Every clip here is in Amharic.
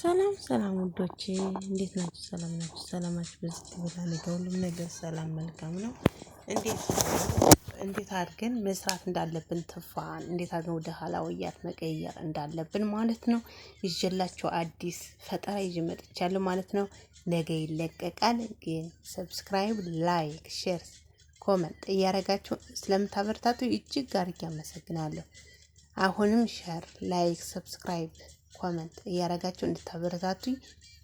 ሰላም ሰላም ውዶቼ እንዴት ናችሁ? ሰላም ናችሁ? ሰላማችሁ በዚህ ትበላለ። ከሁሉም ነገር ሰላም መልካም ነው። እንዴት እንዴት አድርገን መስራት እንዳለብን ትፋን እንዴት አድርገን ወደ ወያት መቀየር እንዳለብን ማለት ነው ይዤላችሁ አዲስ ፈጠራ ይዤ መጥቻለሁ ማለት ነው። ነገ ይለቀቃል። ግን ሰብስክራይብ፣ ላይክ፣ ሼር፣ ኮመንት እያደረጋችሁ ስለምታበርታቱ እጅግ አድርጌ አመሰግናለሁ። አሁንም ሸር፣ ላይክ፣ ሰብስክራይብ ኮመንት እያረጋችሁ እንድታበረታቱኝ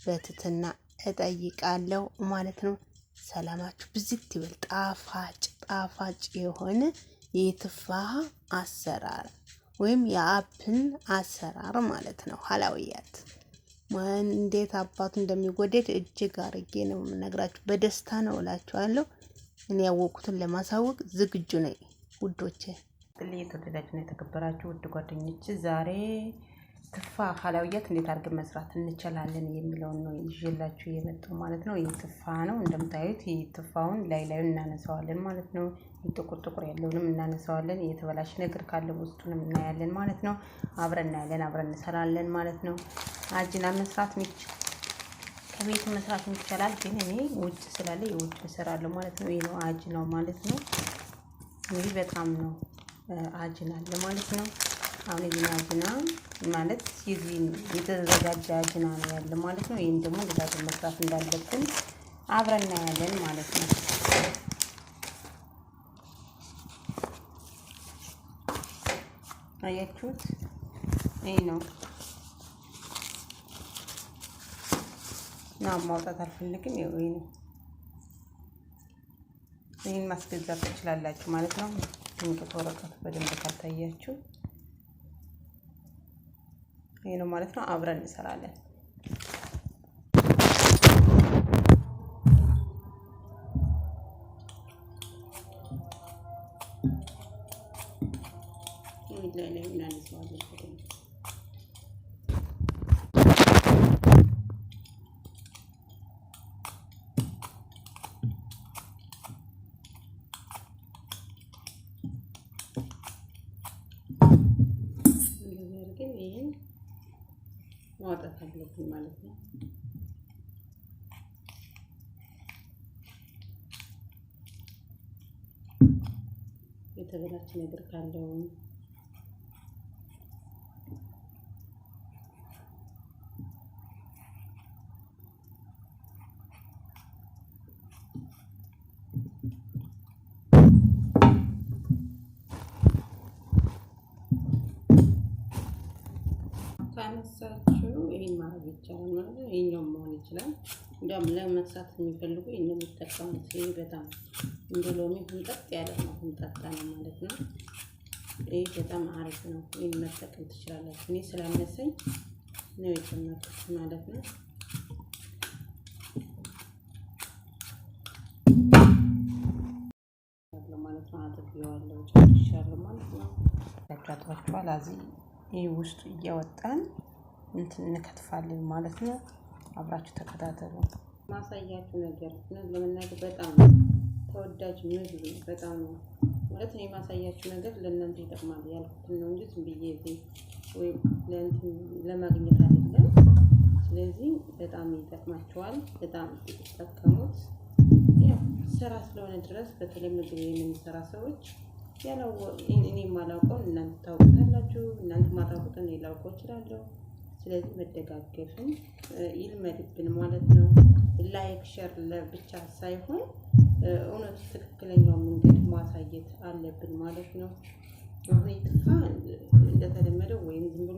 በትትና እጠይቃለሁ ማለት ነው። ሰላማችሁ ብዝት ይበል። ጣፋጭ ጣፋጭ የሆነ የትፋሀ አሰራር ወይም የአፕን አሰራር ማለት ነው። ሀላውያት እንዴት አባቱ እንደሚወደድ እጅግ አርጌ ነው የምነግራችሁ። በደስታ ነው እላችኋለሁ። እኔ ያወቁትን ለማሳወቅ ዝግጁ ነኝ ውዶቼ። ቅል የተወደዳችሁ ነው የተከበራችሁ ውድ ጓደኞች ዛሬ ትፋ ሀላውያት እንዴት አድርገን መስራት እንችላለን የሚለውን ነው ይዤላችሁ የመጣው ማለት ነው። ይህ ትፋ ነው እንደምታዩት። ይህ ትፋውን ላይ ላዩን እናነሳዋለን ማለት ነው። ጥቁር ጥቁር ያለውንም እናነሳዋለን። የተበላሽ ነገር ካለ ውስጡንም እናያለን ማለት ነው። አብረን እናያለን፣ አብረን እንሰራለን ማለት ነው። አጅና መስራት ከቤት መስራት ይቻላል፣ ግን እኔ ውጭ ስላለ የውጭ እሰራለሁ ማለት ነው። ይህ ነው አጅናው ማለት ነው። እንግዲህ በጣም ነው አጅናለ ማለት ነው። አሁን ይህን አጅና ማለት ሲዚን የተዘጋጀ አጅና ነው ያለ ማለት ነው። ይህን ደግሞ ግዛት መስራት እንዳለብን አብረን እናያለን ማለት ነው። አያችሁት? ይህ ነው ና ማውጣት አልፈልግም። ይሄ ነው። ይህን ማስገዛት ትችላላችሁ ማለት ነው። እንቅጥ ወረቀቱ በደንብ ካልታያችሁ ይህ ነው ማለት ነው። አብረን እንሰራለን። ማውጣት አለብን ማለት ነው። የተበላች ነገር ካለውም ካሳችሁ ይህን ማድረግ ይቻላል ማለት ነው። ይህኛው መሆን ይችላል። እንዲያውም ለመክሳት የሚፈልጉ ይህን የሚጠቀሙት ይህ በጣም እንደ ሎሚ ሁምጠጥ ያለ ነው። ሁምጠጣ ነው ማለት ነው። ይህ በጣም አሪፍ ነው። ይህን መጠቀም ትችላላችሁ። እኔ ስላነሰኝ ነው የጨመርኩት ማለት ነው። ማለት ማለት ነው። ያቃጥላችኋል። አዚ ይህ ውስጡ እያወጣን እንትን እንከትፋለን ማለት ነው። አብራችሁ ተከታተሉ። ማሳያችሁ ነገር ለመናገር በጣም ተወዳጅ ምግብ በጣም ነው ማለት ነው። የማሳያችሁ ነገር ለእናንተ ይጠቅማል ያልኩትን ነው እንጂ ዝም ብዬ ወይም ለማግኘት አይደለም። ስለዚህ በጣም ይጠቅማችኋል፣ በጣም ይጠቀሙት። ያው ስራ ስለሆነ ድረስ በተለይ ምግብ የምንሰራ ሰዎች ያለው እኔ ማላውቀውን እናንተ ታውቁታላችሁ፣ እናንተ ማታውቁትን ላውቀው እችላለሁ። ስለዚህ መደጋገፍን ይልመድብን ማለት ነው። ላይክ ሸር ብቻ ሳይሆን እውነቱ ትክክለኛው መንገድ ማሳየት አለብን ማለት ነው። አሁን ይጥፋ እንደተለመደው ወይም ዝም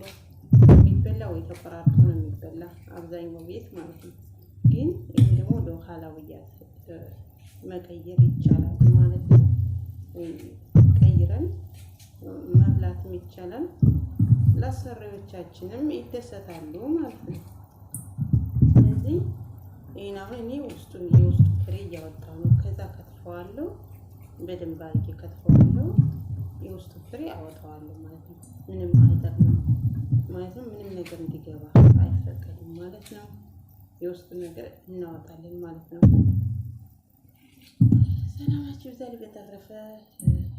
ብሎ የሚበላ ወይ ተቆራርጦ ነው የሚበላ አብዛኛው ቤት ማለት ነው። ግን ይህም ደግሞ ወደ ኋላውያት መቀየር ይቻላል ማለት ነው። ቀይረን መብላትም ይቻላል። ለአሰሪዎቻችንም ይደሰታሉ ማለት ነው። ስለዚህ ይህን አሁን እኔ ውስጡን የውስጡ ፍሬ እያወጣሁ ነው። ከዛ ከትፈዋለሁ፣ በደንብ አድርጌ ከትፈዋለሁ። የውስጡ ፍሬ አወጣዋለሁ ማለት ነው። ምንም አይጠቅምም ማለት ነው። ምንም ነገር እንዲገባ አይፈቀድም ማለት ነው። የውስጡ ነገር እናወጣለን ማለት ነው። ሰላማችሁ ይብዛ። በተረፈ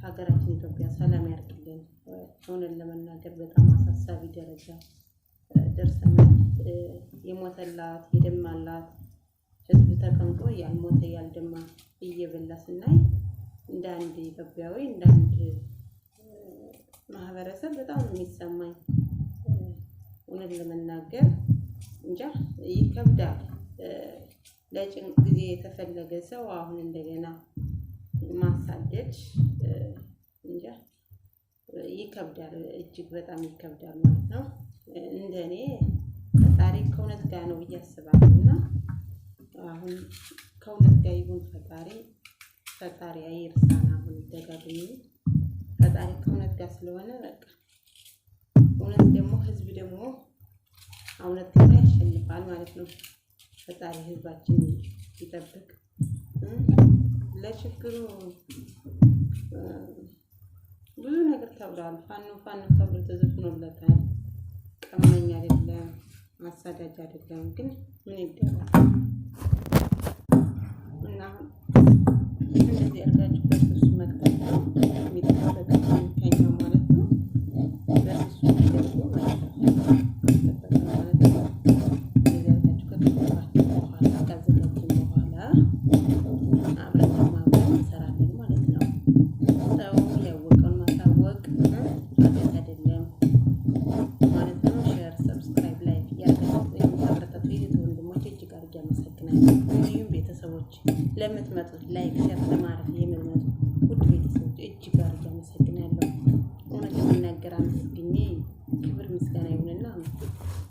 ሀገራችን ኢትዮጵያ ሰላም ያርግልን። እውነት ለመናገር በጣም አሳሳቢ ደረጃ ደርሰናል። የሞተላት የደማላት ህዝብ ተቀምጦ ያልሞተ ያልደማ እየበላ ስናይ እንደ አንድ ኢትዮጵያዊ እንደ አንድ ማህበረሰብ በጣም የሚሰማኝ እውነት ለመናገር እንጃ ይከብዳል። ለጭንቅ ጊዜ የተፈለገ ሰው አሁን እንደገና ማሳደድ እንጃ ይከብዳል፣ እጅግ በጣም ይከብዳል ማለት ነው። እንደ እኔ ፈጣሪ ከእውነት ጋር ነው ብዬ አስባለሁ እና አሁን ከእውነት ጋር ይሁን ፈጣሪ ፈጣሪ አይርሳን። አሁን ይደጋግኝ ፈጣሪ ከእውነት ጋር ስለሆነ በቃ እውነት ደግሞ ህዝብ ደግሞ እውነት ጋር ያሸንፋል ማለት ነው። ፈጣሪ ህዝባችን ይጠብቅ። ለችግሩ ብዙ ነገር ተብሏል። ፋኖ ፋኖ ተብሎ ተዘፍኖለታል። ቀመኛ አይደለም፣ አሳዳጅ አይደለም። ግን ምን ይደረግ እና እንደዚህ ያርጋችሁ በሱ መቅጠል ነው የሚጠበቀው። ክብር ምስጋና ይሁንና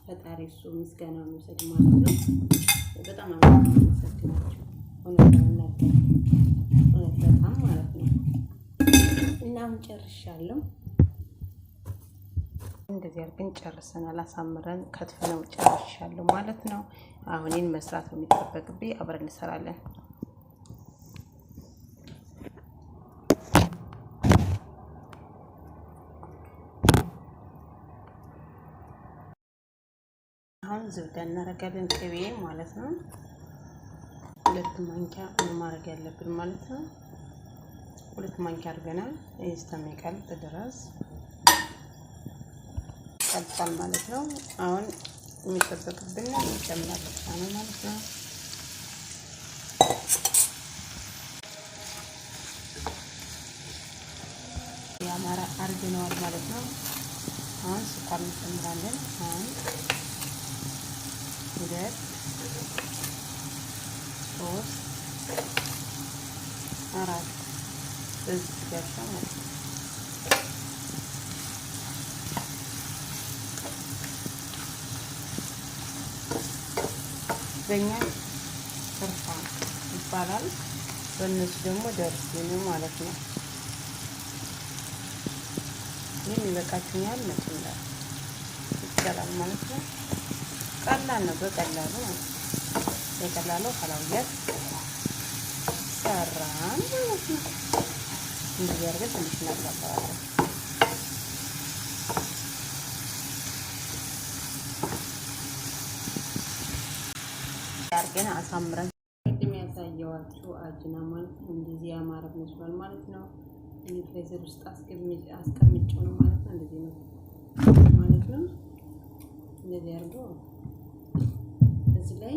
ፈጣሪ እሱ ምስጋና መውሰድ ማለት ነው። በጣም አመሰግናቸው እውነት እውነት በጣም ማለት ነው። እና ጨርሻለሁ። እንደዚህ አድርገን ጨርሰናል። አሳምረን ከትፈነው ጨርሻለሁ ማለት ነው። አሁን ይህን መስራት ነው የሚጠበቅብኝ። አብረን እንሰራለን። ዝብዳ እናደርጋለን። ቅቤ ማለት ነው። ሁለት ማንኪያ ማድረግ ያለብን ማለት ነው። ሁለት ማንኪያ አድርገናል። እስከሚቀልጥ ድረስ ቀልጣል ማለት ነው። አሁን የሚጠበቅብን የሚጨምር ብቻ ነው ማለት ነው። የአማራ አድርገነዋል ማለት ነው። አሁን ስኳር እንጨምራለን አሁን ሁለት ሶስት አራት እዚህ ደርሻ ማለት ነው። በእኛ ትርፋ ይባላል። በእነሱ ደግሞ ደርስ ነው ማለት ነው። ይህን ይበቃችኛል መጭ እንዳል ይቻላል ማለት ነው። ቀላል ነው። በቀላሉ በቀላሉ ሐላውያት ሰራን ማለት ነው። እንደዚህ አድርገን ትንሽ እናቀባለን። አድርገን አሳምረን ቅድም ያሳየኋችሁ አጅና ማለት እንደዚህ ያማረ መስሏል ማለት ነው። እኔ ፍሬዘር ውስጥ አስቀምጬው ነው ማለት ነው። እንደዚህ ነው ማለት ነው። እንደዚህ አድርገው እዚህ ላይ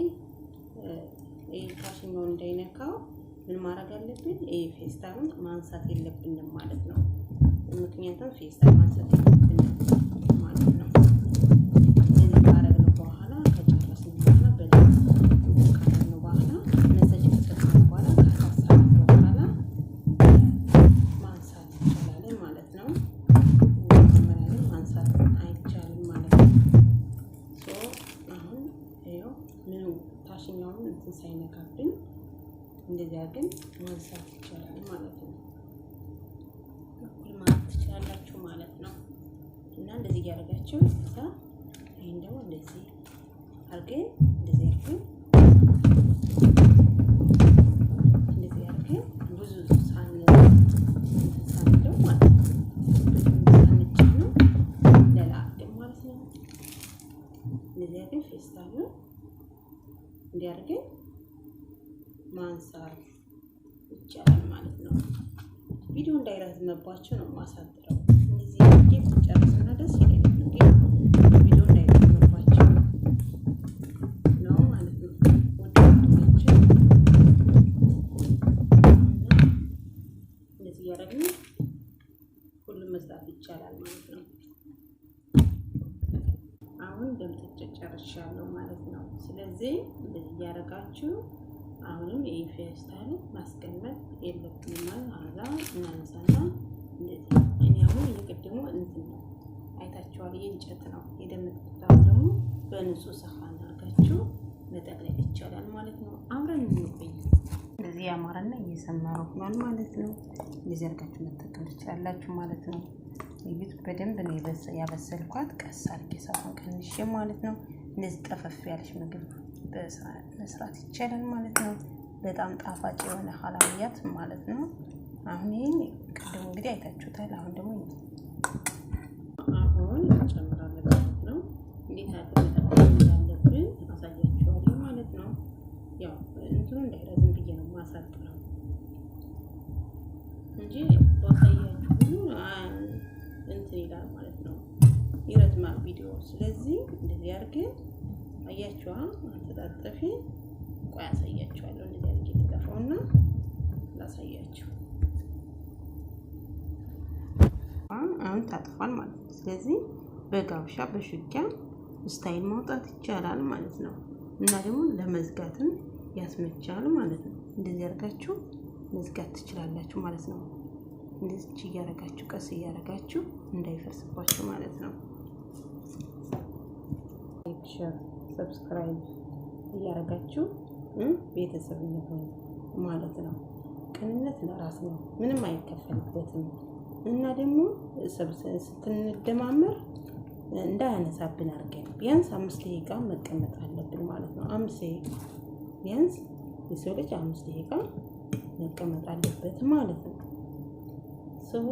ይህ ታሽኛው እንዳይነካው ምን ማድረግ አለብን? ይህ ፌስታሉን ማንሳት የለብንም ማለት ነው። ምክንያቱም ፌስታል ማንሳት እንደዚያ ግን ማንሳት ይቻላል ማለት ነው። እኩል ማለት ትችላላችሁ ማለት ነው። እና እንደዚህ እያደረጋችሁ እዛ ይህን ደግሞ እንደዚህ አድርገን እንዳለባቸው ነው የማሳጥረው። እንደዚህ እንዴት ጨርስና ደስ ይለኛል። እንግዲህ ቪዲዮ እንዳይጠቅምባቸው ነው ማለት ነው። ወዳቸው እንደዚህ እያደረግን ሁሉም መስራት ይቻላል ማለት ነው። አሁን ደምጥጭ ጨርሻለሁ ማለት ነው። ስለዚህ እንደዚህ እያደረጋችሁ አሁንም የፌስታል ማስቀመጥ የለብንም። አዛ እናነሳና እንደዚህ እኔ አሁን እየቀደሙ እንትን ነው አይታችኋል። የእንጨት ነው የደመጥታው ደግሞ በንጹህ ሰሃን አድርጋችሁ መጠቅለል ይቻላል ማለት ነው። አብረን እንቆይ። እንደዚህ ያማረና እየሰመረ ሆኗል ማለት ነው። እንደዚህ አድርጋችሁ መጠቀም ትችላላችሁ ማለት ነው። እዩት፣ በደንብ ነው ያበሰልኳት። ቀስ አድርጌ ሳፋን ቀንሼ ማለት ነው። እንደዚህ ጠፈፍ ያለች ምግብ መስራት ይቻላል ማለት ነው። በጣም ጣፋጭ የሆነ ሀላዊያት ማለት ነው። አሁን ይህን ቅድም እንግዲህ አይታችሁታል። አሁን ደግሞ አሁን እንትኑ እንጂ ባሳያችሁ ብዙ እንትን ይላል ማለት ነው፣ ይረዝማል ቪዲዮ። ስለዚህ እንደዚህ አድርገን አያችኋ አተጣጠፌ ቆይ አሳያችኋለሁ። እንደዚህ አድርጌ ላሳያችሁ አሁን ታጥፏል ማለት ነው። ስለዚህ በጋብሻ በሹኪያ ስታይል ማውጣት ይቻላል ማለት ነው እና ደግሞ ለመዝጋትም ያስመቻል ማለት ነው። እንደዚህ አርጋችሁ መዝጋት ትችላላችሁ ማለት ነው። እንደዚህ እያደረጋችሁ ቀስ እያደረጋችሁ እንዳይፈርስባችሁ ማለት ነው። ሼር፣ ሰብስክራይብ እያረጋችሁ ቤተሰብ እንሆን ማለት ነው። ቅንነት ለራስ ነው። ምንም አይከፈልበትም። እና ደግሞ ስትንደማመር እንዳያነሳብን አድርገን ቢያንስ አምስት ደቂቃ መቀመጥ አለብን ማለት ነው። አምስት ቢያንስ የሰው ልጅ አምስት ደቂቃ መቀመጥ አለበት ማለት ነው። ስቡ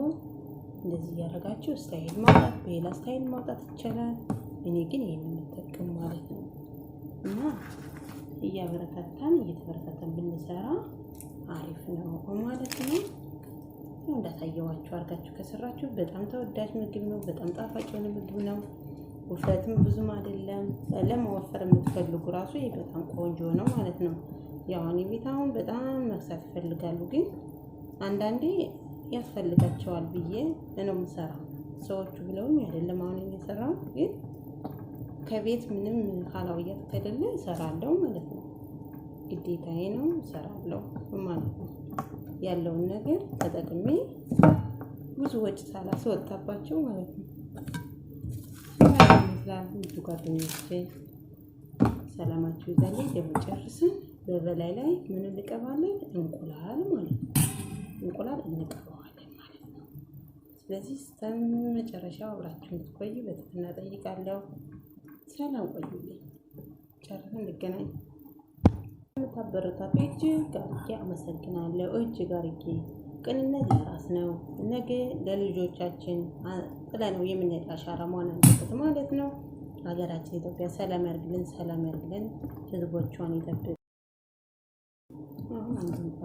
እንደዚህ እያደረጋችሁ ስታይል ማውጣት በሌላ ስታይል ማውጣት ይቻላል። እኔ ግን ይህን የምጠቅም ማለት ነው እና እያበረታታን እየተበረታታን ብንሰራ አሪፍ ነው ማለት ነው። እንዳታየዋችሁ እንዳሳየዋችሁ አድርጋችሁ ከሰራችሁ በጣም ተወዳጅ ምግብ ነው። በጣም ጣፋጭ የሆነ ምግብ ነው። ውፍረትም ብዙም አይደለም። ለመወፈር የምትፈልጉ ራሱ ይህ በጣም ቆንጆ ነው ማለት ነው። ያው እኔ ቤት አሁን በጣም መብሳት ይፈልጋሉ፣ ግን አንዳንዴ ያስፈልጋቸዋል ብዬ ነው ምሰራ ሰዎቹ ብለውኝ አይደለም አሁን የሚሰራው ግን ከቤት ምንም ካላው ከሌለ እሰራለሁ ማለት ነው። ግዴታዬ ነው እሰራለሁ ማለት ነው። ያለውን ነገር ተጠቅሜ ብዙ ወጪ ሳላስወጣባቸው ማለት ነው። ይመስላል ጓደኞቼ ሰላማችሁ ይዛለኝ። ደግሞ በበላይ ላይ ምን እንቀባለን? እንቁላል ማለት ነው። እንቁላል እንቀባዋለን ማለት ነው። ስለዚህ እስከ መጨረሻው አብራችሁ እንድትቆዩ በትህትና እጠይቃለሁ። ሰላም ቆዩልኝ። ጨርሰን እንገናኝ። ታበረታቱ እጅግ አድርጌ አመሰግናለሁ። እጅግ አድርጌ ቅንነት ለራስ ነው። ነገ ለልጆቻችን ጥለ ነው የምንሄድ አሻራ መሆን አለበት ማለት ነው። ሀገራችን ኢትዮጵያ ሰላም ያርግልን፣ ሰላም ያርግልን፣ ህዝቦቿን ይጠብቅ። አሁን አንድ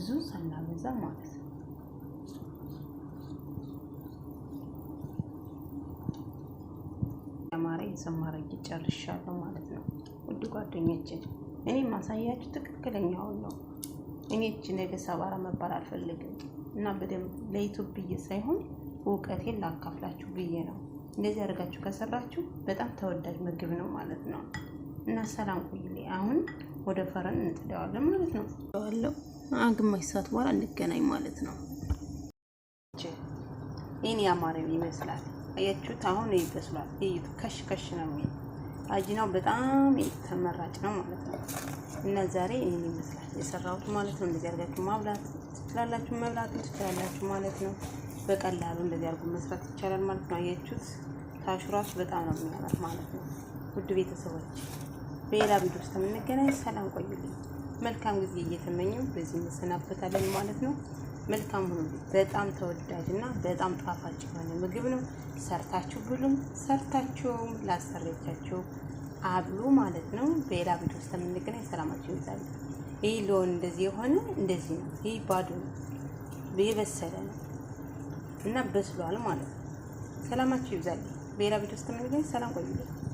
ብዙ ሳናበዛ ማለት ነው። ያማረ የተሰማረ ጨርሻለሁ ማለት ነው። ውድ ጓደኞቼ እኔ ማሳያችሁ ትክክለኛውን ነው። እኔ እጅ ነገ ሰባራ መባል አልፈልግም እና በደንብ ለዩቱብ ብዬ ሳይሆን እውቀቴን ላካፍላችሁ ብዬ ነው። እንደዚህ አድርጋችሁ ከሰራችሁ በጣም ተወዳጅ ምግብ ነው ማለት ነው እና ሰላም ቆይልኝ አሁን ወደ ፈረን እንጥደዋለን ማለት ነው። ዋለው ግማሽ ሰዓት በኋላ እንገናኝ ማለት ነው። ይህን ያማረ ይመስላል። አያችሁት? አሁን ይበስሏል። እዩት፣ ከሽ ከሽ ነው የሚል አጅናው በጣም ተመራጭ ነው ማለት ነው። እና ዛሬ ይህን ይመስላል የሰራሁት ማለት ነው። እንደዚህ አድርጋችሁ ማብላት ትችላላችሁ፣ መብላት ትችላላችሁ ማለት ነው። በቀላሉ እንደዚህ አድርጎ መስራት ይቻላል ማለት ነው። አያችሁት? ታሹ ራሱ በጣም ነው የሚያምር ማለት ነው። ውድ ቤተሰቦች በሌላ ቪዲዮ ውስጥ የምንገናኝ ሰላም ቆዩልኝ። መልካም ጊዜ እየተመኘው በዚህ እንሰናበታለን ማለት ነው። መልካም ሁሉ። በጣም ተወዳጅ እና በጣም ጣፋጭ የሆነ ምግብ ነው። ሰርታችሁ ብሉም፣ ሰርታችሁም ላሰሬቻችሁ አብሉ ማለት ነው። በሌላ ቪዲዮ ውስጥ የምንገናኝ ሰላማችሁ ይዛል። ይህ ሎን እንደዚህ የሆነ እንደዚህ ነው። ይህ ባዶ ነው፣ የበሰለ ነው እና በስሏል ማለት ነው። ሰላማችሁ ይብዛል። በሌላ ቪዲዮ ውስጥ የምንገናኝ ሰላም ቆዩልኝ።